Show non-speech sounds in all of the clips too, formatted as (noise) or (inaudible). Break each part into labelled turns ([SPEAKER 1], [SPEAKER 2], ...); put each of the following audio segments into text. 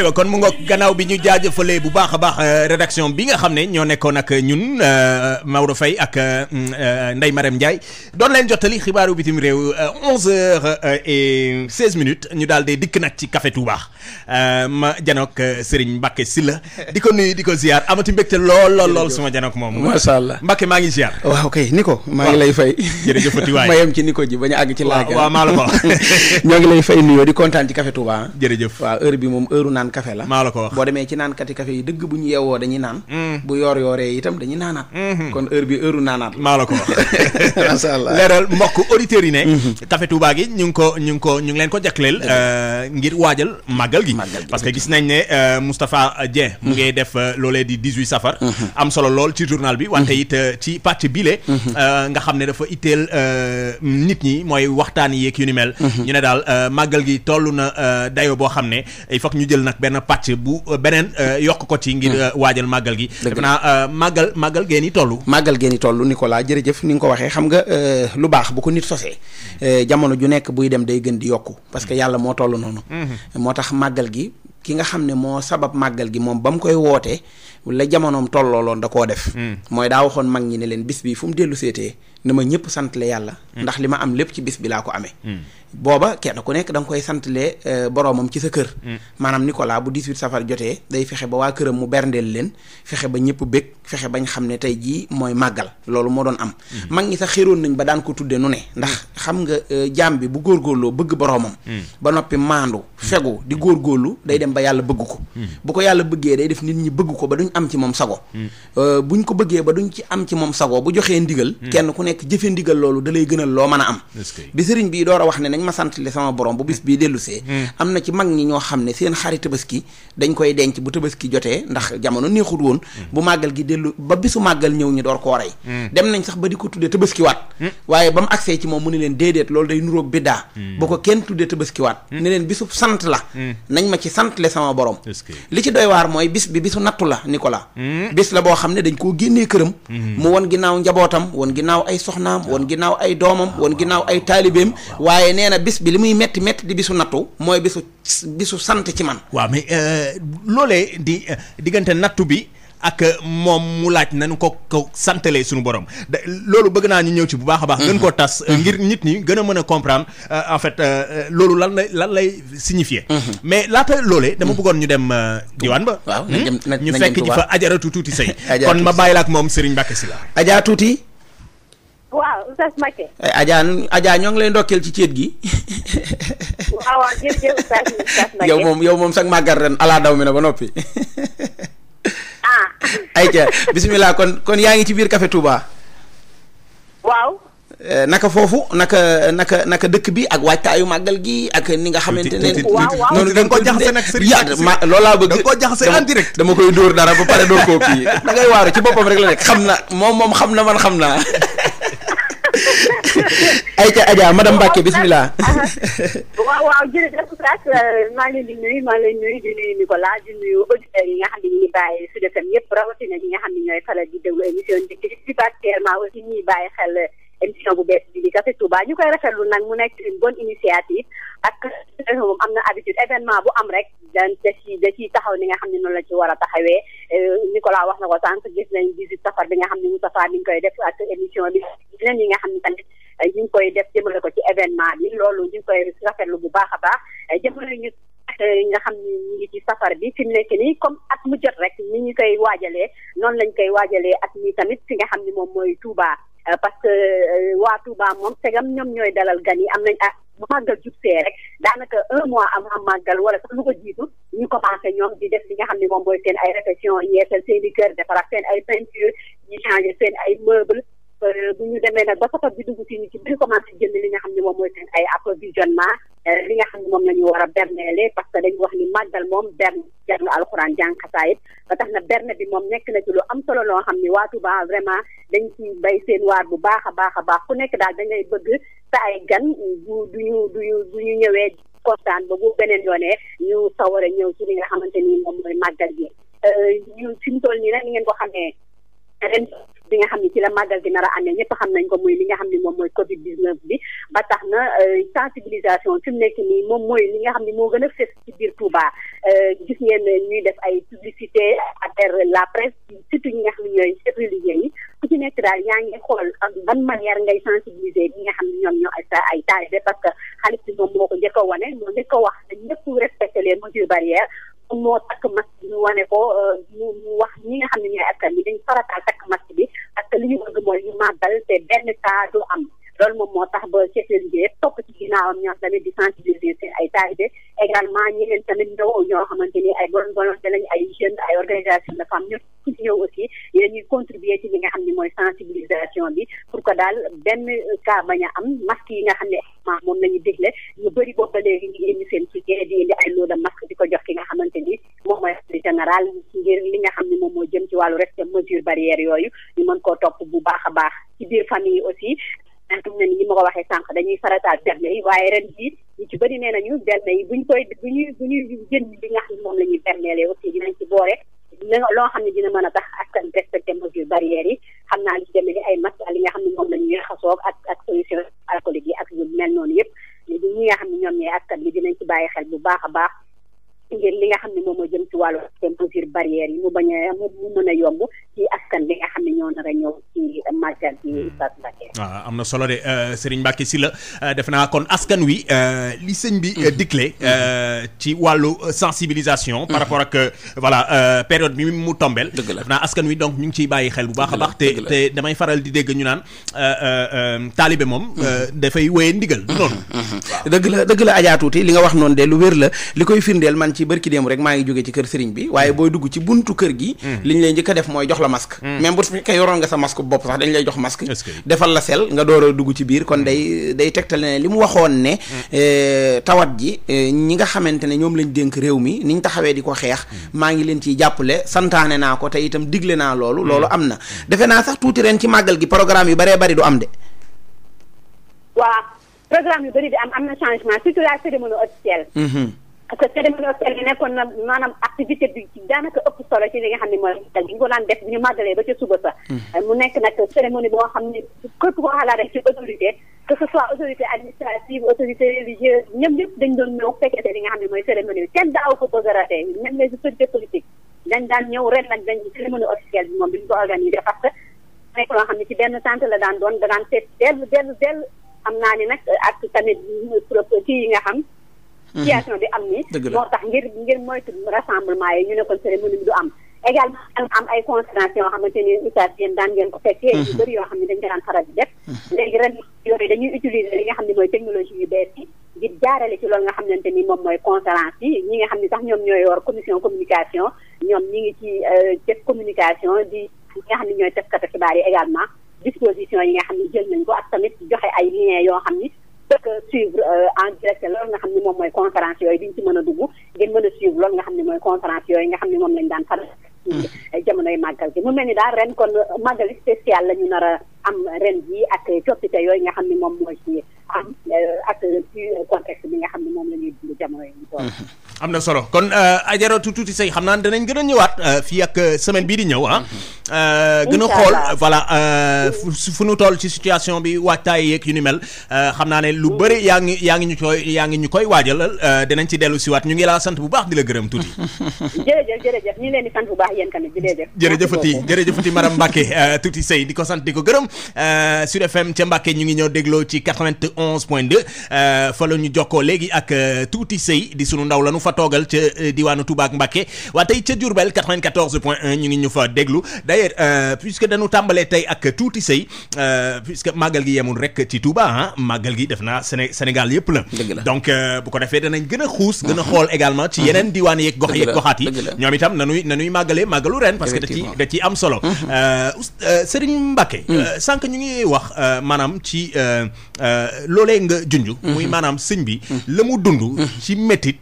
[SPEAKER 1] aywa kon mu ngoog gannaaw bi ñu jaajëfalee bu baax a baax euh, rédaction bi nga xam ne ñoo nekkoon ak euh, ñun euh, Maodo Faye ak mm, Ndeye Marème Ndiaye doon leen jottali xibaaru bitim réew 11h et minutes ñu daal di dikk nag ci Café Touba ma janook Serigne Mbacke Sylla (laughs) di ko nuyu di ko ziar amati mbégte lool lool lool suma janook moom. macha allah Mbacke maa ngi ziar.
[SPEAKER 2] waaw kay Nico maa ngi lay fay.
[SPEAKER 1] jërëjëfati waay (laughs) ma yem ci Nico ji bañ a
[SPEAKER 2] àgg ci. waaw waaw maa la ko (laughs) ñoo ngi naan café la maa la ko wax boo demee ci naankati café yi dëgg bu ñu yeewoo dañuy naan mm. bu yoor yooree itam dañuy naanaat
[SPEAKER 1] mm-hmm. kon heure bi heure u naanaat maa la ko wax (laughs) leeral mbokk auditeurs yi ne mm-hmm. café Touba gi ñu ngi ko ñu ngi ko ñu ngi leen ko jagleel euh, ngir waajal màggal gi parce que gis nañ ne euh, Moustapha Dieng mu ngi mm-hmm. def euh, loolee di 18 safar am solo lool ci journal bi wante it ci pàcc bile nga xam ne dafa itteel nit ñi mooy waxtaan yeeg yu ni mel ñu ne daal màggal gi toll na dayo boo xam ne il faut ñu jël benn pàcc bu euh, beneen euh, yokk ko ci ngir hmm. euh, waajal màggal gi defe naa màggal màggal
[SPEAKER 2] geen yi toll màggal geen yi toll Nicolas jërëjëf ni nga ko waxee xam nga lu baax bu ko nit sosee jamono ju nekk buy dem day gën di yokku parce que yàlla moo toll noonu hmm. moo tax màggal gi ki nga xam ne moo sabab màggal gi moom ba mu koy wootee la jamonoom tollooloon da koo def hmm. mooy daa waxoon mag ñi ne leen bis bi fu mu dellu seetee na ma ñëpp santle yàlla hmm. ndax li ma am lépp ci bis bi laa ko amee hmm. booba kenn ku nekk da nga koy santale euh, boroomam ci sa kër hmm. maanaam Nicolas bu 18 safar jotee day fexe ba waa këram mu berndeel leen fexe ba ñëpp bég fexe bañ xam ne tey jii mooy màggal loolu moo doon am mag ñi sax xéroon nañ ba daan ko tudde nu ne ndax xam nga euh, jaam bi bu góorgóorloo bëgg boroomam ba noppi maandu fegu di góorgóorlu day dem ba yàlla bëgg ko bu ko yàlla bëggee day def nit ñi bëgg ko ba duñ am ci moom sago euh, buñ ko bëggee ba duñ ci am ci moom sago bu joxee ndigal kenn nekk jëfe ndigal loolu da lay gënal loo mën a am bi sëriñ bi door a wax ne nañ ma sant li sama borom bu bis bii dellusee hmm. am na ci mag ñi ñoo xam ne hmm. ba bisu hmm. ba di ko tuddee tabaski waat waaye ba mu agsee ci la nañ ma ci sant le sama bi bisu nattu la Nicolas bis la boo xam ne dañ koo génnee këram mu won ginnaaw njabootam won ginnaaw ay soxnaam woon ginnaaw ay doomam woon ginnaaw ay taalibeem waaye nee na bis bi li muy metti metti di bisu nattu mooy bisu bisu sant ci man waaw mais
[SPEAKER 1] euh, loolee di euh, diggante nattu bi ak euh, moom mu laaj nañu ko ko santalee suñu borom da loolu bëgg naa ñu ñëw ci bu baax a baax. gën mm-hmm. koo tas mm-hmm. ngir nit ñi gën a a comprendre en fait loolu lan lay lan lay signifier. Mm-hmm. mais laata loolee. dama bëggoon ñu dem diwaan ba. waaw hmm? ñu fekk ji fa ajaratu tuuti sëy (laughs) kon ma bàyyi la ak moom Serigne Mbacké Sylla. ajaa tuuti.
[SPEAKER 3] waaw Oustaz
[SPEAKER 1] eh, ñoo ngi lay ndokkeel
[SPEAKER 2] ci céet gi.
[SPEAKER 3] waaw (laughs) yow moom
[SPEAKER 2] yow moom sax màggal ren ala daw mi na ba noppi. ay ah. (laughs) ayca bisimilah kon kon yaa ngi ci biir Café Touba. waaw. Eh, naka foofu naka naka dëkk bi ak waajtaayu màggal gi ak ni nga xamante ne. waaw waaw noonu da nga ko jaxase nag sëriñ ya ma loolaa bëgg. da nga ko jaxase en direct dama koy dóor dara ba pare dóor koo kii waaru ci boppam rek la nekk xam na moom moom xam na man xam naa. (laughs) ayca (laughs) Adja madame Mbacke
[SPEAKER 3] bismillah (laughs) waaw waaw jërëjëf Oustaz euh, maa ngi leen di nuyu maa ngi leen di nuyu di nuyu Nicolas di nuyu auditeurs yi nga xam ne ñu ngi bàyyi Sud FM yëpp rawatina ñi nga xam ne ñooy faral di déglu émission bi particulièrement aussi ñuy bàyyi xel émission bu bees bi di Café Touba ñu koy rafetlu nag mu nekk une bonne initiative ak moom am na habitude événement bu am rek dan da ci taxaw ni nga xam ne noonu la ci war a taxawee euh, Nicolas wax na ko sànq gis nañ visite safar bi nga xam ne Moustapha mi ngi koy def ak émission bi ñeneen yi nga xam ne tamit euh, ñu koy def jëmale ko ci événement bi loolu ñu ngi koy rafetlu bu baax a baax euh, jëmale ñu nga xam ne ñu ngi ci safar bi fi mu nekk nii comme at mu jot rek ni ñu koy waajalee noonu lañ koy waajalee at mi tamit fi nga xam ne moom mooy Touba Euh, parce que euh, waa Touba moom segam ñoom ñooy dalal gan yi am nañ ah bu màggal jub see rek daanaka un mois avant màggal wala sax lu ko jiitu ñu commencé ñoom di def li nga xam ne moom mooy seen ay réflexion yeesal seen i kër defaraat seen ay peinture ñu changé seen ay meuble euh, bu ñu demee nag ba safar bi dugg si ñu ci biir commencé jënd li nga xam ne moom mooy seen ay approvisionnement li nga xam ne moom la ñu war a berneele parce que dañu wax ni màggal moom berne jàng alxuraan jàng xasaayit ba tax na berne bi moom nekk na ci lu am solo loo xam ni waa Touba vraiment dañ si bay seen waar bu baax a baax a baax ku nekk daal dañay bëgg sa ay gan du duñu duñu duñu ñëwee kontaan ba bu beneen yoonee ñu sawar a ñëw ci li nga xamante ni moom mooy màggal gi euh, ñu fi mu toll nii nag ni ngeen ko xamee ren bi nga xam ne ci la màggal gi nar a amee ñëpp xam nañ ko muy li nga xam ne moom mooy Covid 19 bi ba tax na euh, sensibilisation fi mu nekk nii moom mooy li nga xam ne moo gën a fës ci biir Touba euh, gis ngeen ñuy def ay publicité a travers la presse surtout ñi nga xam ne ñooy chefs religieux yi ku ci nekk daal yaa ngi xool ban manière ngay sensibiliser bi nga xam ne ñoom ñoo ay ay taalibe parce que xaalis bi moom moo ko njëkk a wane moo njëkk a wax ñëpp respecté les mesures barrières moo takk masque ñu wane ko euh, mu wax. ñi nga xam ne ñooy askan bi dañ farataal takk masque bi parce que li ñu bëgg mooy te benn cas du am loolu moom moo tax ba chef de liggéey yëpp topp ci ginnaawam ñoom tamit di sensibiliser seen ay taalibe également ñeneen tamit ndaw ñoo xamante ni ay bon volonté lañ ay jeunes ci contribuer ci li nga xam ni mooy sensibilisation bi pour que daal benn cas bañ a am masque yi nga xam ne moom la ñu digle ñu bëri boobu ba léegi ñu indi seen ci di indi ay loolu masque di ko jox ki nga xamante ni moom mooy général ngir li nga xam ne moom moo jëm ci wàllu rek mesure barrière yooyu ñu mën koo topp bu baax a baax ci biir famille aussi antum na ni ma ko waxee sànq dañuy farataal berne yi waaye ren jii ñu ci bëri nee nañu berne yi buñ koy bu ñuy bu ñuy jën li nga xam ne moom la ñuy berneele aussi dinañ ci boore loo xam ne dina mën a tax askan respecté mesure barrières yi xam naa li ci demee ni ay masque li nga xam ne moom la ñuy raxasoo ak ak solution alcoolique yi ak yu mel noonu yëpp a ngir li nga xam ne moom moo jëm ci wàllu mesure yi mu bañ a mu mën a yomb ci askan bi nga xam ne ñoo nar a ñëw ci màggal ci hmm.
[SPEAKER 1] am na solo de euh, Serigne Mbacké Sylla euh, def naa kon askan wi euh, li sëñ bi digle hmm. ci wàllu sensibilisation par hmm. rapport ak voilà période bi mu tombeel def naa askan wi donc ñu ngi ciy bàyyi xel bu baax a baax te damay faral di dégg ñu naan taalibe moom dafay wéye ndigal noonu dëgg la dëgg la Adja Tuuti li nga wax noonu de lu wér la li koy firndeel man ci barki démb rek maa ngi
[SPEAKER 2] jógee ci kër sëriñ bi waaye booy dugg ci buntu kër gi hmm. li ñu lay njëkk a def mooy jox la masque hmm. même bu yoroon nga sa masque bopp sax dañ lay jox masque defal la sel nga door a dugg ci biir kon hmm. day day tegtale eh, eh, di ko xeex maa ngi leen ciy jàppale santaane naa ko te itam digle naa loolu loolu am na defe naa sax tuuti ren ci màggal gi programme yu baree bari du am de
[SPEAKER 3] waaw programme yu bëri di am am na changement surtout la cérémonie parce que cérémonie officielle bi nekkoon na maanaam activité bi daanaka ëpp solo ci li nga xam ne mooy tey ñu ko daan def bu ñu màggalee ba ca suba sax. Hmm. mu nekk nag cérémonie boo xam ne képp koo xalaatee ci autorité que ce soit autorité administrative autorité religieuse ñëpp ñëpp dañ doon ñëw fekkete li nga xam ne mooy cérémonie bi kenn daaw ko bëgg a ratee même les autorités politiques dañ daan ñëw ren nag dañ cérémonie officielle bi moom bi ñu ko organisé ne ci benn daan doon da daan seet dellu dellu dellu xam naa ni nag ak nga xam. Mhm. situation bi am ni moo tax ngir ngir moytu rassemblement yi ñu ne kon cérémonie bi du am également am ay conférence yoo xamante ni oustaz yéen daan ngeen ko fekkee mhm. yu yoo xam ne dañ ko daan faral di def mhm. léegi ren yooyu dañuy utiliser li nga xam ne mooy technologie yu bees yi ngir jaarale ci loolu nga xamante ni moom mooy conférence yi ñi nga xam ne sax ñoom ñooy yor commission communication ñoom ñi ngi ci euh, def communication di ñi nga xam ne ñooy tefkatu xibaar yi également disposition yi nga xam ne jël nañ ko ak tamit joxe ay liens yoo xam ni bëgg a suivre euh, en direct nga xam ne moom mooy conférence yooyu diñ ci mën a dugg ngeen mën a suivre loolu nga xam ni mooy conférence yooyu nga xam ne moom lañ daan faral hmm. jamonoy màggal gi mu mel ni daal ren kon màggal spécial la ñu nar a am ren ji ak coppite yooyu nga xam ni moom mooy ci am euh, ak ci contexte bi nga xam ne moom la ñuy dund jamono yi ñu
[SPEAKER 1] am na solo kon euh, ajaratu tuuti say xam naa danañ gën a ñëwaat euh, fii ak euh, semaine bii di ñëw ah. Mm-hmm. gën a xool voilà fu nu toll ci situation bi waajtaay yeeg yu ni mel xam naa ne lu bëri yaa ngi yaa ngi ñu koy yaa ngi ñu koy waajalal dinañ ci dellu siwaat ñu ngi laa sant bu baax di la gërëm tuuti. (laughs)
[SPEAKER 3] jërëjëf jërëjëf ñu
[SPEAKER 1] ngi tuuti say di ko sant di ko gërëm Sud FM ca Mbacke ñu ngi ñëw dégloo ci 91 point 2 fa la ñu jokkoo léegi ak tuuti sëy di sunu ndaw lanu fa toogal ca eh, diwaanu Touba ak Mbacké waa tey ca Diourbel 94 point 1 ñu ngi ñu fa déglu d'ailleurs euh, puisque dañu tàmbalee tey ak tuuti sëy euh, puisque màggal gi yemul rek ci Touba ah màggal gi def naa Sénégal yëpp la donc euh, bu ko defee danañ gën a xuus gën a (laughs) xool également ci yeneen diwaan yeeg gox yeeg goxaat yi ñoom itam nanuy nanuy màggalee màggalu ren parce que da ci am solo mm-hmm. Serigne Mbacké mm. sànq ñu ngi wax maanaam ci loolee nga junj mm-hmm. muy maanaam sëñ bi mm-hmm. la mu dund ci métit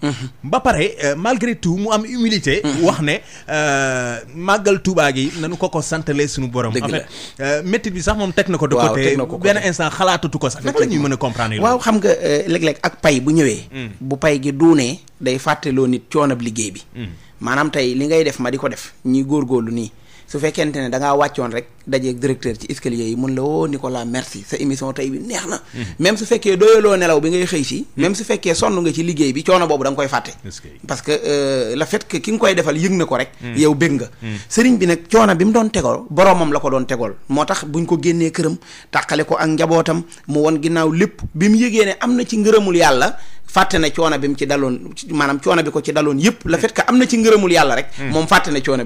[SPEAKER 1] ba pare euh, malgré tout mu am humilité. Mm. wax ne euh, màggal Touba gi nanu ko ko santalee suñu borom. en fait euh, métti bi sax moom teg na ko. de côté benn instant xalaatatu ko sax. naka la ñuy mën a comprendre waaw xam nga
[SPEAKER 2] léeg-léeg ak pay bu ñëwee. Mm. bu pay gi duunee day fàtteloo nit coonab liggéey bi. Mm. maanaam tey li ngay def ma di ko def ñuy góorgóorlu nii su fekkente ne da ngaa wàccoon rek. dajeeg directeur ci escalier yi mun la woo Nicolas merci sa émission tey bi neex na. Mhm. même su fekkee doyaloo nelaw bi ngay xëy si. Mhm. même su fekkee sonn nga ci liggéey bi coono boobu da nga koy fàtte. parce que euh, le fait que ki nga koy defal yëg na ko rek. Mhm. yow bëgg nga. sëriñ bi nag coono bi mu doon tegool boromam la ko doon tegool moo tax buñ ko génnee këram tàqale ko ak njabootam mu won ginnaaw lépp bi mu yëgee ne am na ci ngërëmul yàlla. fàtte na coono bi mu ci daloon maanaam coono bi ko ci daloon yëpp le fait am na ci ngërëmul yàlla rek moom fàtte na coono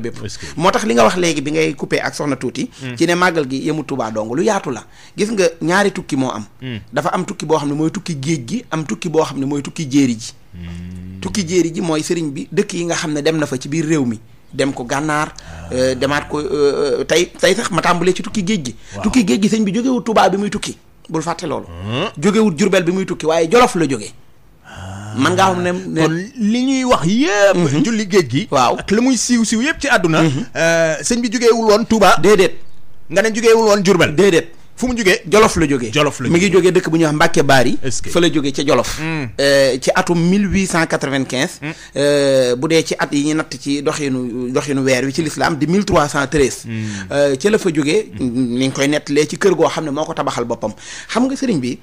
[SPEAKER 2] moo tax li nga wax léegi bi ngay coupé ak soxna tuuti Mm. ci ne màggal gi yemu Touba dong lu yaatu la gis nga ñaari tukki moo am mm. dafa am tukki boo xam ne mooy tukki géej gi tukki boo xam ne mooy tukki jéeri ji mm. tukki jéeri ji mooy sëriñ bi dëkk yi nga xam ne na fa ci biir réew mi dem ko gànnaar ah. euh, demaat ko euh, euh, tey tey ci tukki géej gi tukki géej gi sëñ bi jógewul Touba bi muy tukki bul fàtte loolu hmm? jógewul Jurbel bi muy tukki waaye
[SPEAKER 1] Jolof la jóge ah. man ngaa xam ne kon li ñuy wax yëpp mhm. julli géej gi waaw ak la muy siiw siiw yëpp ci àdduna mhm. sëñ bi jógeewul woon Touba déedéet nga ne jugeewul woon Jurbel déedéet fu mu jugee jolof la jógee jolof la mi ngi jóge dëkk bu ñuy wax Mbàkke Baari fa la
[SPEAKER 2] jógee ca jolof hmm. euh, ci atum 1895 hmm. euh, bu dee ci at yi ñu natt ci doxinu doxinu weer wi ci lislaam di cent 1313 hmm. euh, ca la fa jógee ni ngi koy nettalee ci kër goo xam ne moo ko tabaxal boppam xam nga sëriñ bi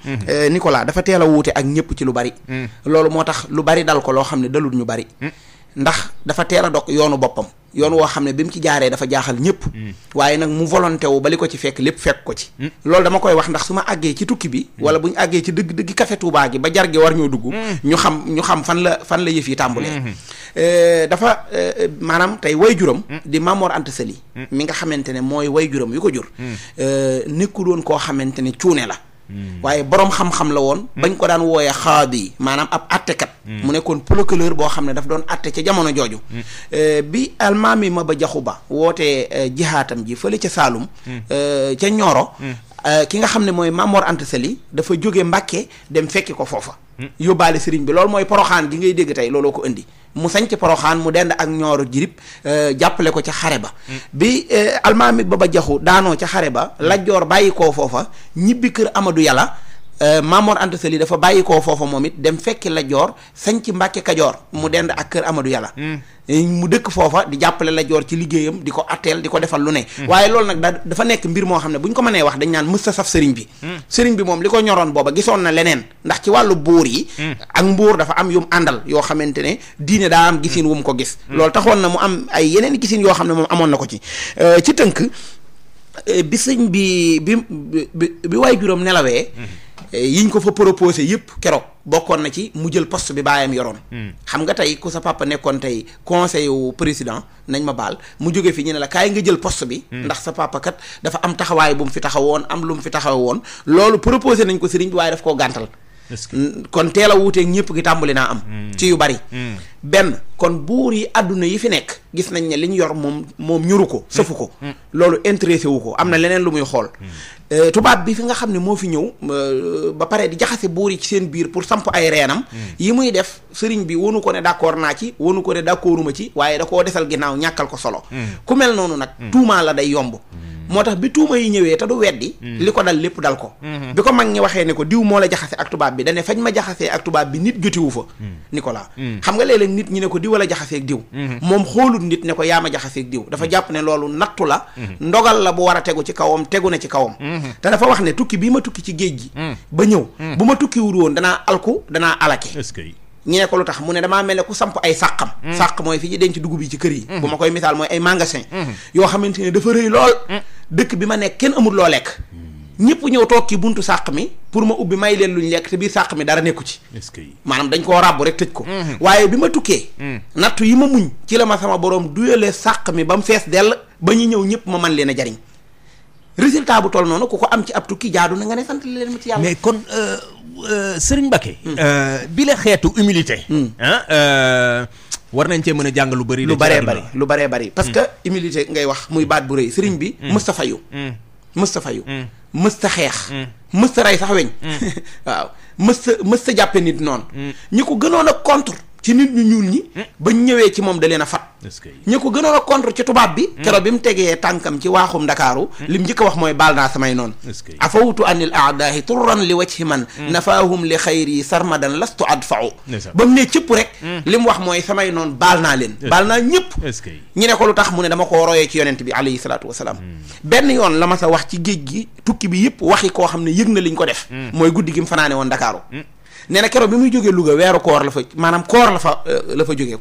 [SPEAKER 2] Nicolas dafa teel a wuute ak ñëpp ci lu bari loolu moo tax lu bari dal ko loo xam ne dalul ñu bari ndax dafa teel a dog yoonu boppam yoon woo xam ne bi mu ci jaaree dafa jaaxal ñëpp hmm. waaye nag mu volonté wu bali ko ci fekk lépp fekk ko ci hmm. loolu dama koy wax ndax su ma àggee ci tukki bi hmm. wala bu ñu àggee ci dëgg dëgg kafe Touba gi ba jar gi war ñoo dugg ñu xam ñu xam fan la fan la yëf yi tàmbulee eh, dafa eh, maanaam tey way juróom di Mamor Anta Sali mi nga xamante ne mooy way juram yu ko jur eh, nekkuloon koo xamante ne cuune la Hmm. waaye boroom xam-xam la woon. Hmm. bañ ko daan wooyee xaadi maanaam ab attekat. Hmm. mu nekkoon procureur boo xam ne dafa doon atte ca jamono jooju. Eh, bi almaami ba Jaxu Ba wootee eh, jihaatam ji fële ca Saalum. Eh, ca Nioro. ki nga xam ne mooy Mamor Anta Sali dafa jóge Mbàkke dem fekki ko foofa. yóbbaale sëriñ bi loolu mooy poroxaan gi ngay dégg tey looloo ko indi. mu sañc poroxaan mu dend ak ñooru jirib euh, jàppale ko ca xare ba bi euh, almaami ba jaxu daanoo ca xare ba mm. lajjoor bàyyi koo foofa ñibbi kër amadu Yàlla Euh, Mamor Anta Sali dafa bàyyi koo foofa moom it dem fekki la joor sañ ci Mbàkke Kajoor mu dend ak kër Amadou Yàlla hmm. mu dëkk foofa di jàppale la joor ci liggéeyam di ko atteel di ko defal lu ne hmm. waaye loolu nag da dafa nekk mbir moo xam ne bu ñu ko mënee wax dañ naan mës sa saf sëriñ bi hmm. sëriñ bi moom li ko ñoroon booba gisoon na leneen ndax ci wàllu buur yi ak mbuur dafa am yum àndal yoo xamante ne diine daa am gisin wu mu ko gis loolu taxoon na mu am ay yeneen gisin yoo xam ne amoon ko ci euh, ci tënk euh, bi sëñ bi bi bi Eh, yiñ ko fa proposé yëpp keroog bokkoon na ci mu jël post bi baayam yoroon. Hmm. xam nga tey ku sa papa nekkoon tey conseil wu président nañ ma baal mu jóge fi ñu ne la kaay nga jël poste bi. Hmm. ndax sa papa kat dafa am taxawaay bu mu fi taxawoon am lu mu fi taxawoon loolu proposé nañ ko sëriñ bi waaye daf koo gàntal. kon teel a wuuteeg ñëpp gi tàmbali naa am. Hmm. ci yu bari. benn kon buur yi àdduna yi fi nekk gis nañ ne li ñu yor moom moom ñuru ko. sëfu ko loolu intéressé wu ko am na leneen lu muy xool. Euh, tubaab bi fi nga xam ne moo fi ñëw euh, ba pare di jaxase buur yi ci seen biir pour samp ay reenam hmm. yi muy def sëriñ bi wonu ko ne d'accord naa ci wonu ko ne d'accorduma ci waaye da koo desal ginnaaw ñàkkal ko solo hmm. ku mel noonu nag hmm. tuumaa la day yomb moo tax bi tuuma yi ñëwee te du weddi hmm. li ko dal lépp dal ko hmm. bi ko mag ñi waxee ne ko diw moo la jaxase ak tubaab bi dane faj ma jaxasee ak tubaab bi nit jotiwu fa hmm. Nicolas xam nga léeg nit ñi ne ko diw la jaxaseeg diw moom xoolut nit ne ko yaa ma jaxaseeg diw dafa jàpp ne loolu nattu la ndogal la bu war a tegu ci kawam tegu na ci kawam te dafa wax ne tukki bii ma tukki ci géej gi ba ñëw bu ma tukkiwul woon danaa alku danaa alake ñu ne ko lu tax mu ne damaa mel ne ku samp ay sàqam mooy fi ñu denc dugub yi ci kër yi bu ma koy misaal mooy ay magasin yoo xamante ne dafa lool dëkk bi ma nekk kenn amul loo lekk ñëpp ñëw toog ki buntu sàq mi pour ma ubbi may leen luñ lekk te biir sàq mi dara nekku ci maanaam dañ koo ràbbu rek tëj ko mhm. waaye bi ma tukkee mhm. nattu yi ma muñ ci la ma sama borom duyale sàq mi ba mu fees dell ba ñu ñëw ñëpp ma man leen a jariñ résultat bu toll noonu ku ko am ci ab tukki jaadu na nga ne sant leen ma ci yàlla mais kon euh, euh, Serigne Mbacké mm.
[SPEAKER 1] euh, bile xeetu humilité mm. war nañ cee mën a jàng lu bëri. lu
[SPEAKER 2] bëree bari lu bëree bëri. Mm. parce que mm. humilité ngay wax muy baat bu rëy sëriñ bi. Mm. mësta fayu. mësta fayu. mësta xeex. mësta rey sax weñ. (laughs) waaw mësta mësta jàppe nit noonu. ñu ko gënoon ak contre ci nit ñu ñuul ñi. ba ñëwee ci moom da leen a fat ñi ko gënoon a contre ci tubaab bi hmm. keroog bi mu tegee tànkam ci waaxum ndakaaru hmm. lim njëkk a wax mooy baal naa samay noonu afawtu anil aadaahi turran li wajhi man hmm. nafaahum li xayri sarmadan lastu adfau ba mu ne cëpp rek li mu wax mooy samay noonu baal naa leen baal naa ñëpp ñu ne ko lu tax mu ne dama koo royee ci yonent bi alayhi salaatu wasalaam benn yoon la ma sa wax ci géej gi tukki bi yëpp waxi koo xam ne yëg na liñ ko def mooy guddi gi mu fanaane woon ndakaaru nee na keroog bi muy jógee Louga weeru koor la fa maanaam la fa euh, la fa jógee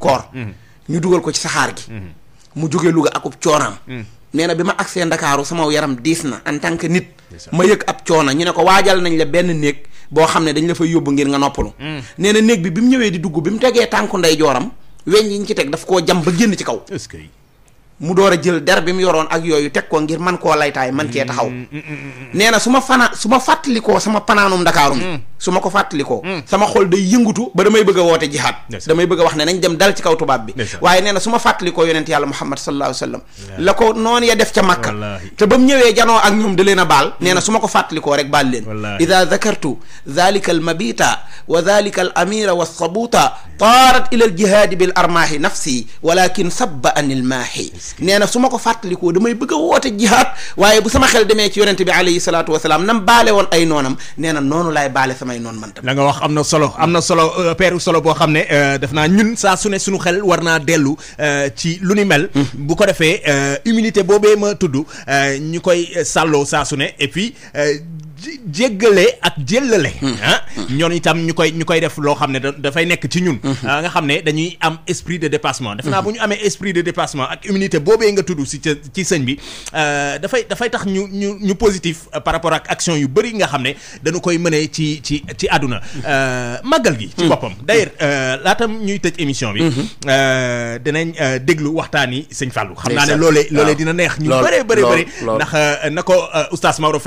[SPEAKER 2] ñu dugal ko ci saxaar gi mhm. mu jógee Louga akub coonaam mhm. nee na bi ma agsee Ndakaaru sama yaram diis na en tant que nit ma yëg ab coona ñu ne ko waajal nañ la benn néeg boo xam ne dañ la fay yóbbu ngir nga noppalu mhm. nee na néeg bi bi mu ñëwee di dugg bi mu tegee tànku ndey jooram weñ yi ñu ci teg daf koo jam ba génn ci kaw mu door a jël der bi mu yoroon ak yooyu teg ko ngir man koo laytaay man cee taxaw nee na su ma fana su ma fàttalikoo sama panaanum Ndakaaru su ma ko fàttalikoo hmm. sama xol day yëngutu ba damay bëgg a woote jihaad damay bëgg wax ne nañ dem dal ci kaw tubaab bi waaye nee na su ma fàttalikoo yonent yàlla muhammad sallallahu alayhi wa sallam la ko noonu ya def ca makka te ba mu ñëwee janoo ak ñoom da leen a baal nee na hmm. su ma ko fàttalikoo rek baal leen ida dakartu dalika al mabita wa dalika al amira wa sabuta taarat ila al jihaadi bil armaahi nafsi walakin sabba anil maahi na su ma ko fàttalikoo damay bëgg a woote jihaad waaye bu sama xel demee ci yonent bi alayhi salaatu wasalaam nam baale woon ay noonam nee na noonu laay baale sama samay noonu man tam la wax am na solo
[SPEAKER 1] am na solo euh, peeru solo boo xam ne euh, def naa ñun saa su ne suñu xel war naa dellu euh, ci lu ni mel mhm. bu ko defee humilité boobee ma tudd ñu koy sàlloo saa su ne et puis jéggale ak jéllale hmm. ah, hmm. ñoon itam ñu koy ñu koy def loo xam ne dafay nekk ci ñun hmm. ah, nga xam ne dañuy am esprit de dépassement def naa bu ñu amee esprit de dépassement ak immunité boobee nga tudd si ci sëñ bi euh, dafay dafay tax ñu ñu ñu positif euh, par rapport ak action yu bëri nga xam ne dañu koy mënee ci ci ci àdduna euh, màggal gi ci boppam d'ailleurs laatam ñuy tëj émission bi danañ déglu waxtaan yi sëñ Fallou xam naa ne loolee loolee dina neex ñu bëree bëri bëri ndax na ko oustaz Maodo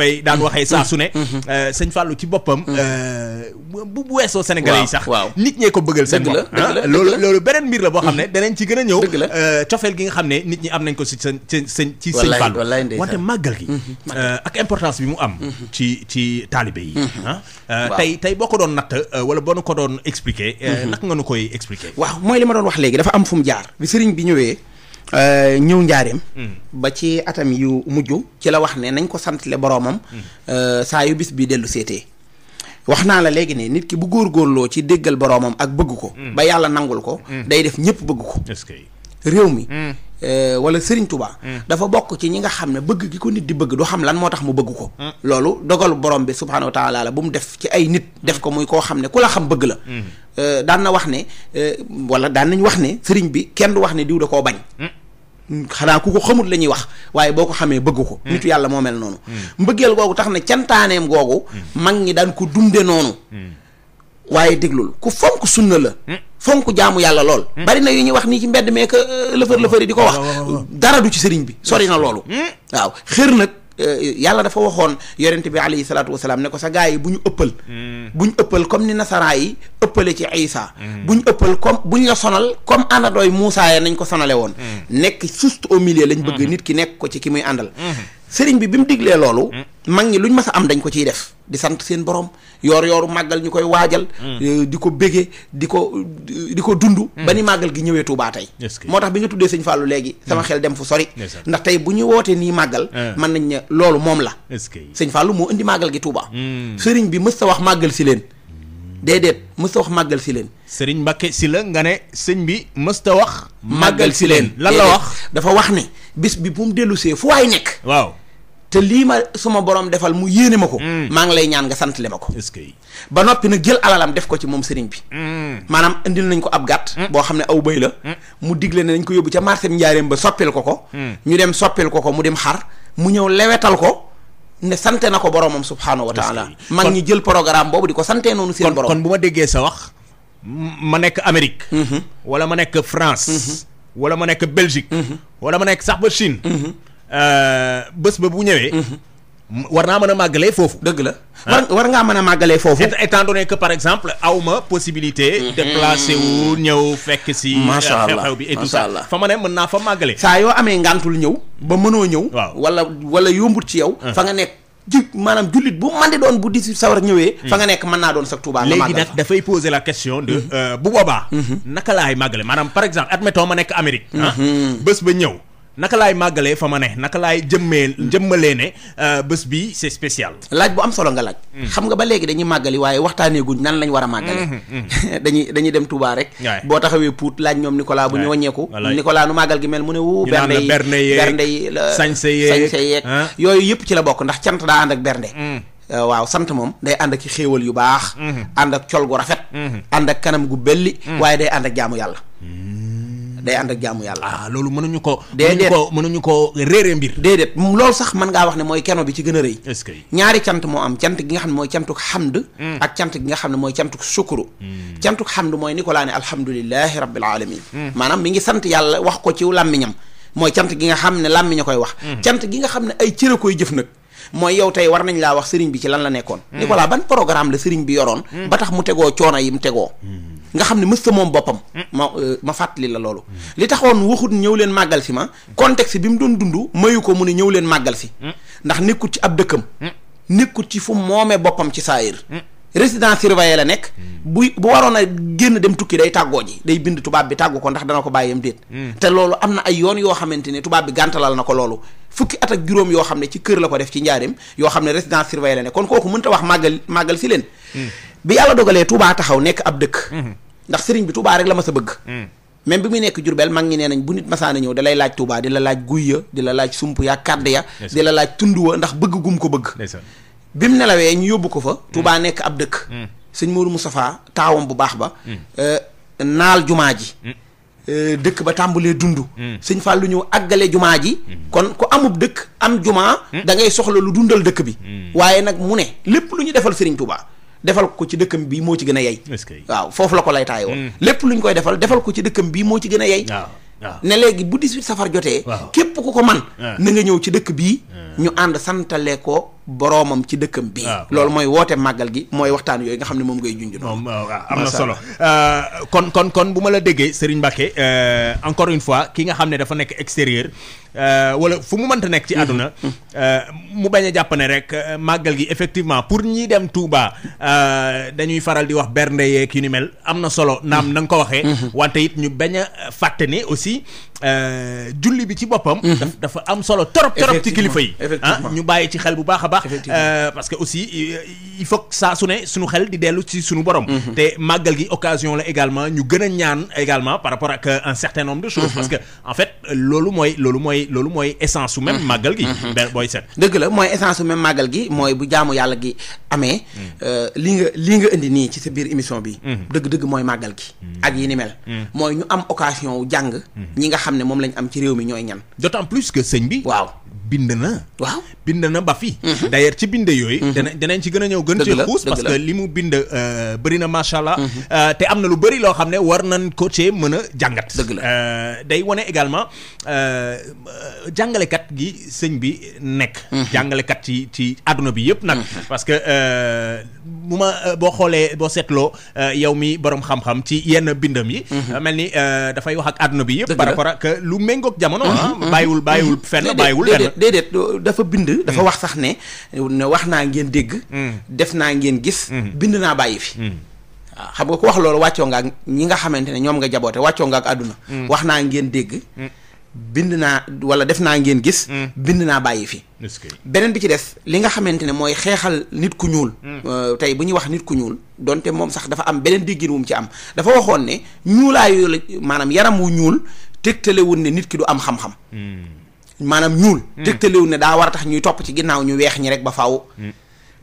[SPEAKER 1] ne mhm. euh, sëñ Fallou ci boppam mhm. euh, bu weesoo sénégalais yi sax nit ñee ko bëggal seen bopp ah, loolu beneen mbir la boo xam ne mhm. danañ ci gën a ñëw euh, cofeel gi nga xam ne nit ñi am nañ ko si sëñ sëñ ci sëñ Fallou wante màggal gi ak importance bi mu am ci ci taalibe yi ah, tey tey boo ko doon natt wala boo nu ko doon expliquer naka nga nu koy expliquer
[SPEAKER 2] waaw mooy li ma doon wax léegi dafa am fu jaar sëriñ bi ñëwee Euh, ñëw njaareem hmm. ba ci atam yu mujj ci la wax ne nañ ko santale boroomam hmm. euh, saa yu bis dellu seetee wax naa la léegi ne nit ki bu góorgóorloo ci déggal boroomam ak bëgg ko hmm. ba yàlla nangul ko day def ñëpp bëgg ko réew mi euh, wala sëriñ Touba. dafa bokk ci ñi nga xam ne bëgg gi ko nit di bëgg du xam lan moo tax mu bëgg ko loolu dogal borom bi subhaanahu wa taala la bu mu def ci ay nit def ko muy koo xam ne ku la xam bëgg la daan na wax ne wala daan nañ wax ne sëriñ bi kenn du wax ne diw da koo bañ xanaa ku ko xamut la ñuy wax waaye boo ko xamee bëgg ko hmm. nitu yàlla moo mel noonu hmm. mbëggeel googu tax na cantaaneem googu hmm. mag ñi daan ko dunde noonu waaye déglul ku fonk sunna la fonk jaamu yàlla lool bari na yu ñuy wax nii ci mbedd mee que euh, lëfër lëfër yi di ko wax dara du ci sëriñ bi sori na loolu waaw xër nag Eh, yàlla dafa waxoon yonent bi alayhi salaatu wasalaam ne ko sa gars yi bu ñu ëppal mm. bu ñu ëppal comme ni nasaraa yi ëppale ci Isa mm. bu ñu ëppal comme bu ñu la sonal comme àndandooy Moussa ya nañ ko sonale woon mm. nekk juste au lañ bëgg nit ki nekk ko ci ki muy àndal sëriñ bi bi mu diglee loolu. Hmm. mag ñi luñ mës a am dañ ko ciy def. di sant seen borom yoor yooru màggal ñu koy waajal. Hmm. Eh, di ko bége di ko di ko dund. Hmm. ba ni màggal gi ñëwee Touba tey. moo tax bi nga tuddee sëñ Fallou léegi. sama xel dem fu sori. ndax tey bu ñu wootee nii màggal. mën nañ ne loolu moom la. sëñ fàllu moo indi màggal gi Touba. sëriñ bi mës wax màggal si leen. déedéet
[SPEAKER 1] mës a wax màggal si leen. sëriñ Mbacke si la nga ne sëñ bi mës a wax. màggal si leen lan la wax dafa wax ne bis bi bu mu dellusee fu waay nekk. waaw. te lii ma
[SPEAKER 2] suma borom defal mu yéene ma ko. Mm. maa ngi lay ñaan nga sant le ma ko. ba noppi nag jël alalam def ko ci moom sëriñ bi. Mm. maanaam indil nañ ko ab gàtt. Mm. boo xam ne aw bëy la. mu digle ne dañ ko yóbbu ca marché njaareem ba soppil ko ko. ñu dem soppil ko ko mu dem xar mu ñëw lewetal ko. ne sante na ko boromam subhaanahu wa taala mag ñi jël programme boobu di ko santee noonu seen borom kon bu ma déggee
[SPEAKER 1] sa wax ma nekk Amérique mm-hmm. wala ma nekk France mm-hmm. wala ma nekk Belgique mm-hmm. wala ma nekk sax Euh, bés ba bu ñëwee. Mhm. war naa mën a màggale foofu. dëgg la ah. war war ngaa mën a màggale foofu. étant donné que par exemple awma possibilité. Mhm. déplacé wu ñëw fekk si. Euh, macha allah xew-xew bi et tout ça fa ma ne mën naa fa màggalee. saa yoo amee ngantul ñëw ba mënoo ñëw. waaw wala wala yombut ci yow. Ah. fa nga nekk.
[SPEAKER 2] ji maanaam jullit bu man di doon bu dix-huit sawar ñëwee hmm. fa nga nekk mën naa doon sax Tuubaa léegi nag
[SPEAKER 1] dafay poser la question de hmm. euh, bu boobaa hmm. naka laay màggale maanaam par exemple admettons ma nekk Amérique ah. bës ba ñëw naka laay màggalee fa ma ne naka laay jëmmee jëmmalee ne euh, bés
[SPEAKER 2] bi c'est spécial. laaj bu am solo nga laaj. Hmm. xam nga ba léegi dañuy màggali waaye waxtaanee guñ nan lañu war a hmm, màggalee.
[SPEAKER 3] Hmm,
[SPEAKER 2] (laughs) dañuy dañuy dem Touba rek. boo taxawee Pout laaj ñoom Nicolas bu ñu wàññeeku. Nicolas nu màggal gi mel mu ne wuu. bernde yi bernde yi bernde yi sañse yeeg ah. yooyu yëpp ci la bokk ndax cant daa ànd ak bernde. Euh, waaw sant moom day ànd ak xéewal yu baax. ànd ak col gu rafet. ànd ak kanam gu belli. waaye day ànd ak jaamu yàlla day ànd ak jaamu yàlla. ah
[SPEAKER 1] loolu mënuñu ko.
[SPEAKER 2] déedéet mënuñu ko mënuñu mbir. déedéet loolu sax mën ngaa wax ne mooy keno bi ci gën a rëy. est-ce que ñaari cant moo am cant gi nga xam ne mooy cantuk xamd. Hmm. ak mooy cantuk sukuru. Hmm. cantuk xamd mooy ni ko laa ne alhamdulilahi rabbil alamin hmm. maanaam mi ngi wax ko ci làmmiñam mooy cant gi nga xam ne làmmiña koy wax. cant gi nga xam ne ay cër koy jëf nag. mooy yow tey war nañ laa wax sëriñ bi ci lan la nekkoon. ni ban programme la sëriñ bi yoroon. ba tax mu tegoo coono yi mu tegoo. nga xam ne mës moom boppam. ma euh, ma fàttali la loolu. li taxoon waxut ñëw leen màggal si ma. contexte bi mu doon dund mayu ko mu ne ñëw leen màggal si. ndax nekkul ci ab dëkkam. nekkul ci fu moomee boppam ci saa saayir. résidence surveillée la nekk. bu bu waroon a génn dem tukki day tàggoo ji day bind tubaab bi tàggu ko ndax dana ko bàyyeem déet. te loolu am na ay yoon yoo xamante ne tubaab bi gàntalal na ko loolu. fukki at ak juróom yoo xam ne ci kër la ko def ci njaareem yoo xam ne résidence surveillée la nekk kon kooku mënta wax màggal màggal si leen. bi yàlla dogalee Touba taxaw nekk ab dëkk. Mhm. ndax sëriñ bi Touba rek la ma sa bëgg. Mhm. même bi muy nekk Jurbel mag ngi nee nañ bu nit masaana ñëw dalay lay laaj Touba di la laaj guy di la laaj sump ya kàdd ya. di la laaj tund wa ndax bëgg gum ko bëgg. bi mu nelawee ñu yóbbu ko fa. Touba mhm. nekk ab dëkk. sëñ Mourou Moustapha taawam bu baax ba. Euh, naal jumaa ji. Euh, dëkk ba tàmbalee dund. sëñ faa lu ñëw àggale jumaa ji. kon ku amub dëkk am jumaa. da ngay soxla lu dundal dëkk bi. waaye nag mu ne lépp lu ñu defal sëriñ Touba. defal ko ci dëkkam bi moo ci gën a yey waaw foofu la ko lay taay woon mm. lépp lu ñu koy defal defal ko ci dëkkam bi moo ci gën a yey ne léegi bu 18 safar jotee képp ku ko man ah. na nga ñëw ci dëkk bii ah. ñu ànd santale ko boroomam ci dëkkam bii. Ah, loolu mooy woote màggal gi mooy waxtaan yooyu nga xam ne moom ngay junj. moom ah, am na solo.
[SPEAKER 1] Ah, kon kon kon bu ma la déggee Serigne Mbacke encore une fois ki nga xam ne dafa nekk extérieur wala fu mu mënta nekk ci àdduna. Mm-hmm. Mm-hmm. mu bañ a jàpp ne rek màggal gi effectivement pour ñi dem Touba dañuy faral di wax bernde yeeg yu ni mel am na solo naam mm-hmm. na nga ko waxee. wante it ñu bañ a fàtte ne aussi julli bi ci boppam. dafa am solo trop trop ci kilifa yi. effectivement ah, ñu bàyyi ci xel bu baax a baax. Euh, parce que aussi il faut que saa su ne suñu xel di dellu ci suñu borom. Mhm. te màggal gi occasion la également ñu gën a ñaan également par rapport ak euh, un certain nombre de choses. Mhm. parce que en fait loolu mooy loolu mooy loolu mooy essence su même mhm. màggal gi. booy set. dëgg la mooy essence su même
[SPEAKER 2] màggal gi mooy bu jaamu yàlla gi amee. Euh, li nga li nga indi nii ci sa biir émission bi. dëgg-dëgg mooy màggal gi. ak yi ni mel. mooy ñu nga xam ne moom lañ
[SPEAKER 1] am réew mi ñooy ñan. bind na. bind na ba fi. Mhm. d'ailleurs ci bind yooyu. Mhm. dana danañ ci gën a ñëw gën ci xuus. parce que li mu bind euh, bëri na macha allah. Mhm. Euh, te am na lu bëri loo xam ne war nañ ko cee mën a jàngat. dëgg la euh, day wane également jàngalekat gi sëñ bi nekk. jàngalekat ci ci àdduna bi yëpp nag. parce que bu ma boo xoolee boo seetloo yow mi borom xam-xam ci yenn bindam yi. mel ni dafay wax ak àdduna bi yëpp. par rapport ak lu méngoog jamono. Ah. bàyyiwul bàyyiwul fenn bàyyiwul lenn. déedéet dafa bind. dafa hmm. wax sax ne
[SPEAKER 2] ne wax naa ngeen dégg. Hmm. def naa ngeen gis. Hmm. bind naa bàyyi fi. waaw xam nga ku wax loolu wàccoo nga ak ñi nga xamante ne ñoom nga jaboote wàccoo nga ak àdduna. wax naa ngeen dégg. bind naa wala def naa ngeen gis. bind naa bàyyi fi. beneen bi ci des li nga xamante ne mooy xeexal nit ku ñuul. Euh, tey bu ñu wax nit ku ñuul donte moom sax dafa am beneen déggin wu mu ci am dafa waxoon ne ñuulaayu la maanaam yaram wu ñuul tegtale wul ne nit ki du am xam maanaam ñuul tegtaliwul hmm. ne daa war a tax ñuy topp ci ginnaaw ñu weex ñi rek ba faw hmm.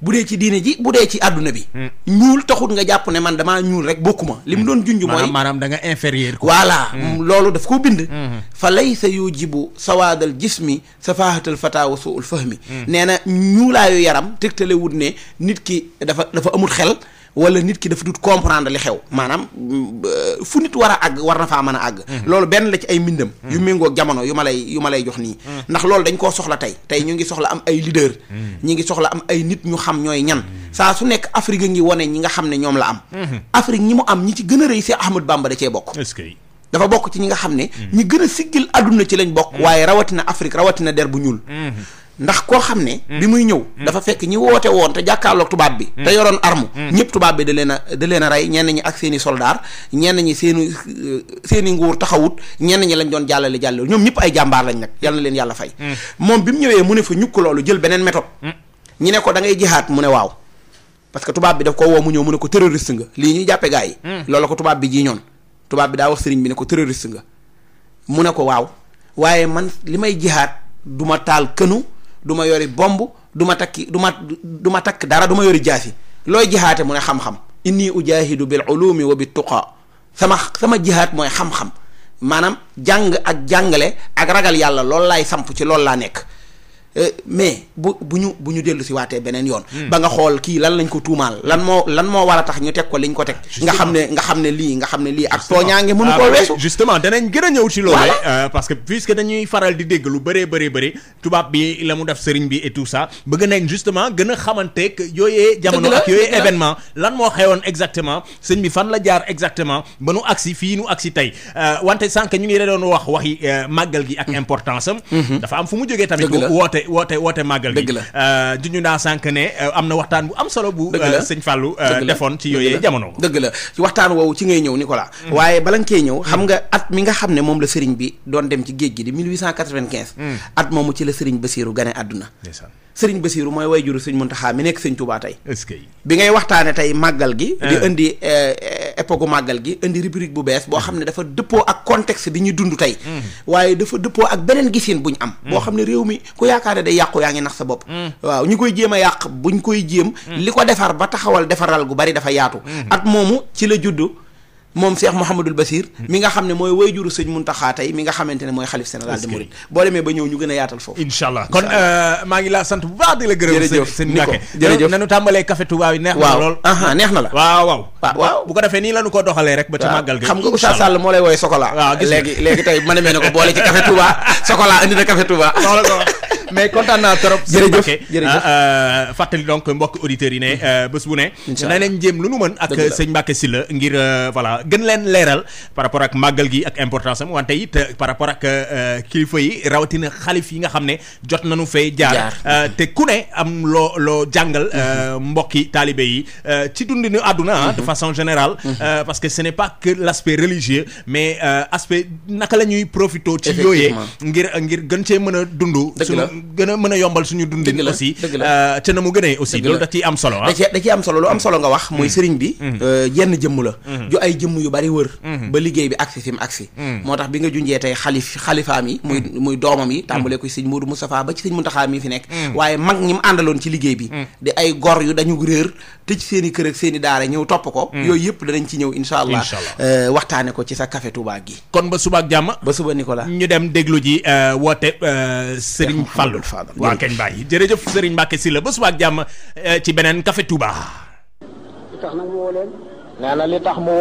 [SPEAKER 2] bu dee ci diine ji bu dee ci àdduna bi hmm. ñuul taxut nga jàpp ne man damaa ñuul rek bokkuma li mu doon junj mooy
[SPEAKER 1] maanaam da nga inférieur voilà
[SPEAKER 2] loolu daf ko bind fa laysa yujibu sawaadal gis jismi safaahatal fataawa suul fahmi nee na ñuulaayu yaram tegtalewut ne nit ki dafa dafa amul xel wala nit ki dafa dut comprendre li xew maanaam euh, fu nit war a àgg war na faa mën a àgg mhm. loolu benn la ci ay mbindam mhm. yu méngoog jamono yu ma lay yu ma lay jox nii mhm. ndax loolu dañ koo soxla tey tey ñu ngi soxla am ay leader ñu ngi soxla am ay nit ñu xam ñooy ñan saa su nekk Afrique ngi wane ñi nga xam ne ñoom la am Afrique ñi mu am ñi ci gën a rëy see Ahmad Bamba da cee bokk dafa bokk ci ñi nga xam ne ñi gën a siggil àdduna ci lañ bokk waaye rawatina Afrique rawatina der bu ñuul ndax koo xam ne. bi muy ñëw. dafa fekk ñi woote woon te jàkkaarloog tubaab bi. te yoroon arme. ñëpp tubaab bi da leen a da leen a rey ñenn ñi ak seen i soldaar ñenn ñi seen i euh, seen i nguur taxawut ñenn ñi lañ doon jàllale jàllale ñoom ñëpp ay jàmbaar lañ nag yal na leen yàlla fay. Hmm. moom bi mu ñëwee mu ne fa ñukk loolu jël beneen méthode. Hmm. ñu ne ko dangay ngay jihaat mu ne waaw. parce que tubaab bi daf ko woo mu ñëw mu ne ko terroriste nga lii ñuy jàppe gaa yi. Hmm. loolu ko tubaab bi ji ñoon tubaab bi daa wax sëriñ bi ne ko terroriste nga mu ne ko waaw waaye man li may jihaat du ma taal kënu du ma yori bomb du ma takki du ma du ma takk dara du ma yori jaasi looy jihaate mu ne xam-xam inni ujahidu bil ulumi wa bit tuqa sama sama jihaat mooy xam-xam maanaam jàng ak jàngale ak ragal yàlla lool laay samp ci loolu laa nekk Euh, mais bu bu ñu bu ñu dellu si waatee beneen yoon. Hmm. ba nga xool kii lan lañ ko tuumaal lan moo lan moo war a tax ñu teg ko liñ ko teg. nga xam
[SPEAKER 1] ne nga xam ne lii nga xam ne lii ak. tooñaange mënu ah, koo weesu. justement danañ gën a ñëw ci loolee. Euh, parce que puisque dañuy faral di dégg lu bëree bëri bëri tubaab bi la mu def sëriñ bi et tout bëgg nañ justement gën a xamanteeg yooyee. jamono ak yooyee événement lan moo xewoon exactement sëñ bi fan la jaar exactement ba nu agsi fii nu agsi tey euh, wante sànq ñu ngi doon wax waxi màggal gi ak hmm. important am hmm. dafa am fu mu jógee tamit woote woote woote woote màggal dëgg la euh, juñu naa sànq ne euh, am na waxtaan bu am solo bu euh, sëñ Fallou defoon ci yooyee jamono dëgg la ci
[SPEAKER 2] waxtaan woowu ci ngay ñëw Nicolas mm. waaye bala nga koy ñëw mm. xam nga at mi nga xam ne moom la sëriñ bi doon dem ci géej gi di mil 1895 mm. at moomu ci la sëriñ Bassirou gane àdduna sëriñ Basiiru mooy way wayjuru sëriñ Muntaxa mi nekk sëriñ Tuubaa tey est-ce que bi ngay waxtaane tey màggal gi di eh. indi eh, eh, époque màggal gi indi rubrique bu bees boo xam ne dafa dëppoo ak contexte bi ñu dund tey hmm. waaye dafa dëppoo ak beneen gisin buñ am hmm. boo xam ne réew mi ku yaakaare day yàqu yaa ngi nax sa bopp hmm. waaw ñi koy jéem a yàq bu buñ koy jéem li ko defar ba taxawal defaral gu bari dafa yaatu at moomu ci la juddu moom Cheikh Mouhamadul Basir hmm. mi nga xam ne mooy wayjuru sëñ taxaa tey mi nga xamante ne mooy xalif général des mourides
[SPEAKER 1] boo demee ba ñëw ñu gën a yaatal foofu incha allah kon euh, maa sant bu baax di la gërëm jërëjëf sëñ Mbacke jërëjëf nanu tàmbalee café Touba yi na la waaw waaw waaw bu ko defee nii lañu ko doxalee rek ba ci màggal gi xam nga Oustaz Sall moo
[SPEAKER 2] lay wooye Sokola waaw léegi léegi tey ma demee ne ko boole ci café
[SPEAKER 1] Touba Sokola indi na café Touba mais kontaan naa trop. jërëjëf jërëjëf ah, ah, fàttali donc mbokk auditeurs yi ne mm-hmm. euh, bés bu ne. na leen jéem lu nu mën ak sëñ si la ngir euh, voilà gën leen leeral par rapport ak màggal gi ak importance am wante it euh, par rapport ak kilifa yi rawatina xalif yi nga xam ne jot nañu fay jaar. te ku ne am loo loo jàngal. Mm-hmm. mbokki taalibe yi ci dundinu àdduna ah, de mm-hmm. façon générale. parce que ce n'est pas que l'aspect religieux mais aspect naka la ñuy profité. ci yooyee ngir ngir gën cee mën a dund. gën a mën a yombal suñu dundin aussi euh, te na mu gënee aussi loolu ah. da ciy am solo lu am solo nga wax
[SPEAKER 2] mooy mm. sëriñ bi mm. euh, yenn jëmm la mm. ju ay jëmm yu bari wër ba liggéey bi agsi fi mu agsi moo tax bi nga junjee tey xalif xalifaam yi muy muy doomam yi tàmbalee ko sëñ Modou Moustapha fi nekk waaye mag ñi mu àndaloon ci liggéey bi di ay gor yu dañu réer tëj seen i kër ak seen i daara ñëw topp ko yooyu yëpp danañ ci ñëw insha allah euh, waxtaane ko ci sa café Touba gi
[SPEAKER 1] kon ba suba ak jàmm ba suba Nicolas Fallou waa kañ bàyyi jërëjëf Serigne Mbacke Sylla ba suba ak jàmm eh, ci beneen Café Touba. li
[SPEAKER 4] tax nag mu woo a nee na li tax mu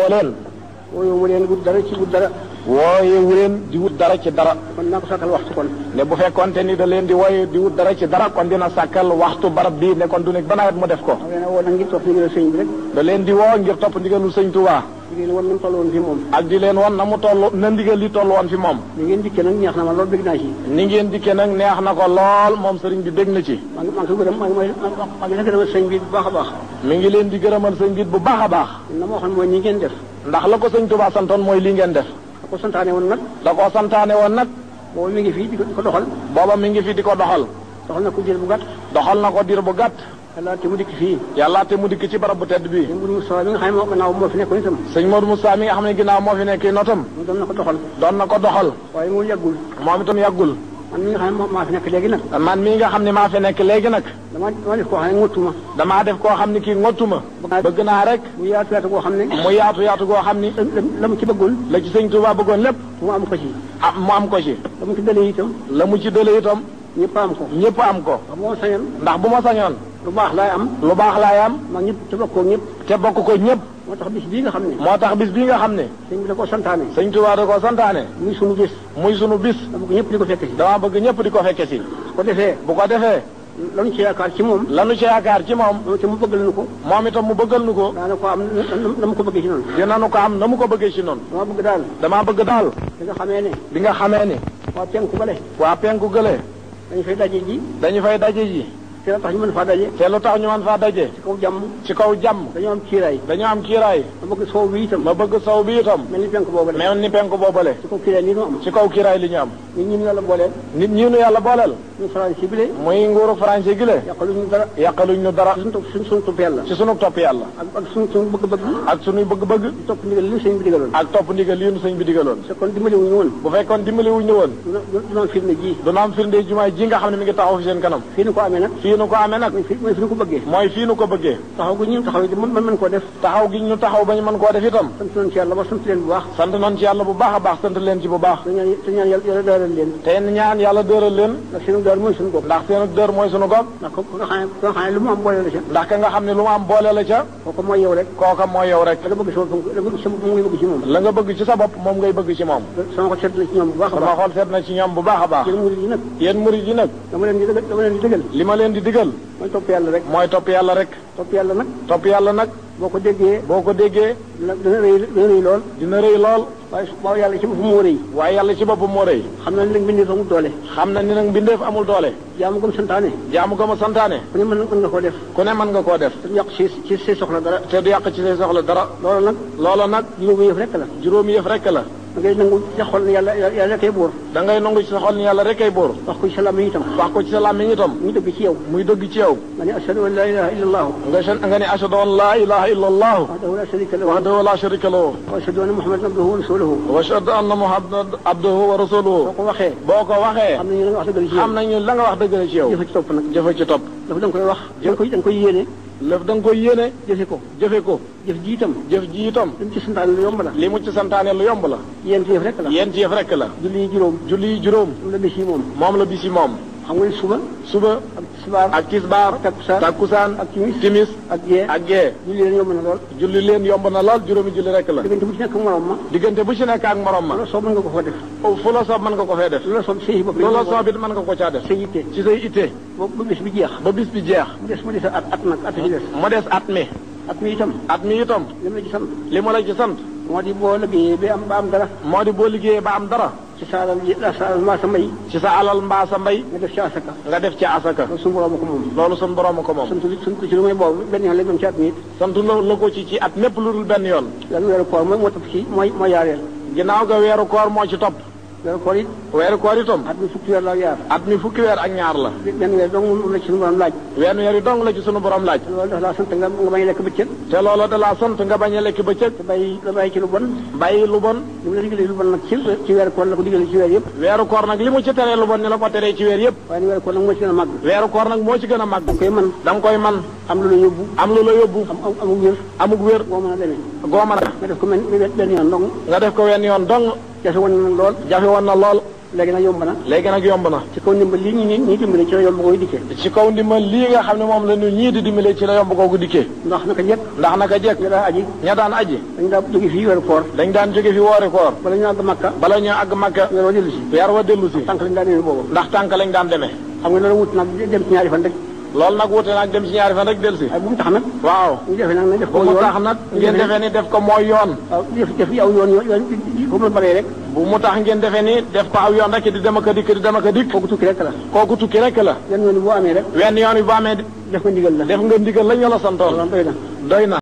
[SPEAKER 4] wooyewu leen wut dara ci wut dara. wooyewu leen di wut dara ci dara. kon naa ko sàkkal waxtu kon. ne bu fekkonte ni da leen di wooye di wut dara ci dara kon dina sàkkal waxtu barab bii ne kon du nekk ba nawet mu def ko. waaw ngir topp da leen di woo ngir topp ndigalu sëñ Tuubaa. di leen wan na mu toll woon fi moom. di leen wan na mu toll na ndigal li toll woon fi moom. ni ngeen dikkee nag neex na ma lool bég naa ci. ni ngeen dikkee nag neex na ko lool moom sëriñ bi bég na ci. maa ngi maa ngi ko gërëm leen di gërëmal sëñ bi bu baax a baax. mi ngi leen di gërëmal sëñ bi bu baax a baax. na ma waxoon mooy ni ngeen def. ndax la ko sëñ Touba santoon mooy lii ngeen def. da ko santaane woon nag. da ko santaane woon nag. booba mi ngi fi di ko doxal. booba mi ngi fi di ko doxal. doxal na ko diir bu gàtt. doxal na ko diir bu gàtt. yàllaa te mu dikk fii. yàllaa te mu dikk ci barab bu tedd bii. sëñ Modou Moustapha mi nga xam ne ginnaaw moo fi nekkoon itam. sëñ Modou Moustapha mi nga xam ne ginnaaw moo fi nekk itam. doon na ko doxal. doon na ko doxal. waaye moom yàggul. moom itam yàggul. man mii nga xam ne maa fi nekk léegi nag. man nga xam ne maa fi nekk léegi nag. damaa damaa def koo xam ne ngottu ma. damaa def koo xam ne kii ngottu ma. bëgg naa rek. mu yaatu yaatu goo xam ne. mu yaatu yaatu goo xam ni. la mu ci bëggoon. la ci sëñ waa bëggoon lépp. mu am ko ci. ah mu am ko ci. la mu ci dëlee itam. la mu ci dëlee itam. ñëpp am ko. ñëpp am ko. ndax bu ma sañoon. ndax bu ma sañoon. lu baax laay am. lu baax laay am. man ñëpp te ko ñëpp. te bokk ko ñëpp. moo tax bis bii nga xam ne. moo tax bis bii nga xam ne. sëñ bi da koo santaane. sëñ Tuubaa da koo santaane. muy sunu bis. muy sunu bis. dama bëgg ñëpp di ko fekke si. dama bëgg ñëpp di ko fekke ci yaakaar ci moom. lanu ci yaakaar ci moom. moom itam mu bëggal nu ko. moom itam mu bëggal nu ko. daana ko am na mu ko bëggee ci noonu. dinañu ko am na mu ko bëggee ci noonu. dama bëgg daal. damaa bëgg daal. bi nga xamee ne. bi nga xamee ne. waa penku gële. waa penku gële. dañu fay daje ji. dañu fay daje ji. te lu tax ñu mën faa daje. te lu tax ci kaw jàmm. ci kaw jàmm. dañoo am kiiraay. dañoo am kiiraay. ma bëgg sow bi ma bëgg sow tam itam. mel ni penk boobale. mel ni penk boobale. ci kaw kiiraay li ñu am. ci kaw kiiraay li ñu am. nit ñi ñu la booleel. nit ñi ñu yàlla booleel. français gi le muy nguuru français gi le yàqaluñ ñu dara yàqaluñ ñu dara suñ topp yàlla ci sunu topp yàlla ak suñ bëgg-bëgg ak suñuy bëgg-bëgg ak topp ndigal li ñu sëñ bu fekkoon dimbali wuñu woon bu fekkoon dimbali wuñu woon ji du ji nga xam ne mi ngi taxaw fi seen kanam fii nu ko amee mooy fi nu ko bëggee mooy fii nu ko bëggee ñu taxaw ba mën koo def taxaw ba ñu mën koo def itam sant nañ ba sant leen bu baax sant nañ ci yàlla bu baax a dër mooy sunu gox. ndax seen dër mooy sunu gox. ndax ko boole la ca. kooka mooy yow rek. kooka mooy yow rek. la nga bëgg ci moom. moom ngay bëgg ci moom. sama xol na ci ñoom bu baax a baax. sama xol seet na ci ñoom bu baax di dëggal mooy topp rek. mooy topp yàlla rek. topp yàlla nag. topp yàlla nag. boo lool. waaye su waaw yàlla ci boppam moo rëy waaye yàlla ci boppam moo rëy xam na ni nag mbindeef amul doole xam na ni nag mbindeef amul doole jaamu gëm santaane jaamu gëm santaane ku ne mën nga koo def ku ne mën nga koo def te du yàq ci ci say soxla dara te du yàq ci say soxla dara loolu nag loolu nag juróomi yëf rekk la juróomi yëf rekk la da ngay nangu ci sa xol ni yàlla yàlla rekkay buur da ngay nangu ci sa xol ni yàlla rekkay buur wax ko ci sa làmmiñ itam wax ko ci sa làmmiñ itam muy dëgg ci yow muy dëgg ci yow nga ne ashhadu an laa ilaha illa allah nga nga ne ashhadu an laa ilaha illa allah wahdahu laa sharika lahu wahdahu laa sharika lahu wa ashhadu anna muhammadan abduhu wa rasuluhu rasuluhu wa shahada anna muhammadan abduhu wa rasuluhu boo ko waxee boo ko waxee xam nañu la nga wax dëgg ci yow jëfe ci topp nag jëfe da koy wax da nga koy yéene lëf da nga koy yéene ko jëfe ko jëf ji itam jëf li mu ci lu yomb la li mu ci santaane la yéen la yéen ci yëf rek la julli yi juróom julli yi juróom moom la bis yi moom moom xam nga suba suba tisbaar ak tisbaar takkusaan takkusaan ak timis timis ak gee ak gee julli leen yomb na lool na lool juróomi julli rek la diggante bu ci nekk ak morom ma diggante bu ci nekk ak morom ma soob mën oh, fu la soob mën nga ko fee def loola soob soob it mën nga ko caa def sa yitte mu des at mi at mi at li ma la ci sant li ma la ci moo di boo liggéeyee ba am ba am dara di boo liggéeyee ba am dara ci sa alal ji sa alal mbaa sa mbay. ci sa alal mbay. nga def ci asaka. loolu suñu borom a ko moom. loolu suñu borom a ko moom. sant suñ ko ci lu may boobu benn yoon la doon ci at mi. sant la ko ci ci at mépp lu dul benn yoon. lan weeru koor mooy moo topp ci mooy mooy yaareel. ginnaaw ga weeru koor moo ci topp. weeru koor it weeru koor itam at mi fukki weer la ak ñaar at mi fukki weer ak ñaar la benn weer dong la ci sunu borom laaj wenn weer yi dong la ci sunu borom laaj te loolu daf laa sant nga bañ a lekk bëccëg te loolu da laa sant nga bañ a lekk bëccëg te bàyyi la bàyyi ci lu bon bàyyi lu bon li mu la digalee lu bon nag ci ci weeru koor la ko digalee ci weer yëpp weeru koor nag li mu ci teree lu bon ni la ko teree ci weer yëpp waaye weeru koor nag moo ci gën a màgg weeru koor nag moo ci gën a màgg da nga koy man da nga koy man am lu la yóbbu am lu la yóbbu am amuk wér amuk wér boo mën a demee goo mën a nga def ko benn yoon dong jafe woon na lool woon na lool léegi nag yomb na léegi nag yomb na ci kaw ndimbal lii ñu ñii dimbale ci la yomb kaw ndimbal nga xam ne moom la ñu ñii di dimbale ci la yomb googu dikkee ndax naka jekk ndax naka jekk ña daan aji ña daan aji dañ daan jóge fi weeru koor dañ daan jóge fi woori koor bala ñu àgg makka bala ñu àgg makka weer wa dellu si wa dellu ndax tànk lañ daan demee xam nga loolu wut nag dem ci ñaari fan rek loolu nag wuute nag dem si ñaari fan rek dellusi. Ah, bu mu tax nag. waaw bu mu nag ngeen defee ni def ko mooy yoon. waaw ah, def bu mu tax ngeen defee ni def ko aw rek di dem ak a dikk di dem ak a dikk. kooku tukki rek la. kooku tukki rek la. wenn yoon bi boo amee rek. wenn yoon bi amee. def nga ndigal la def nga ndigal la doy na.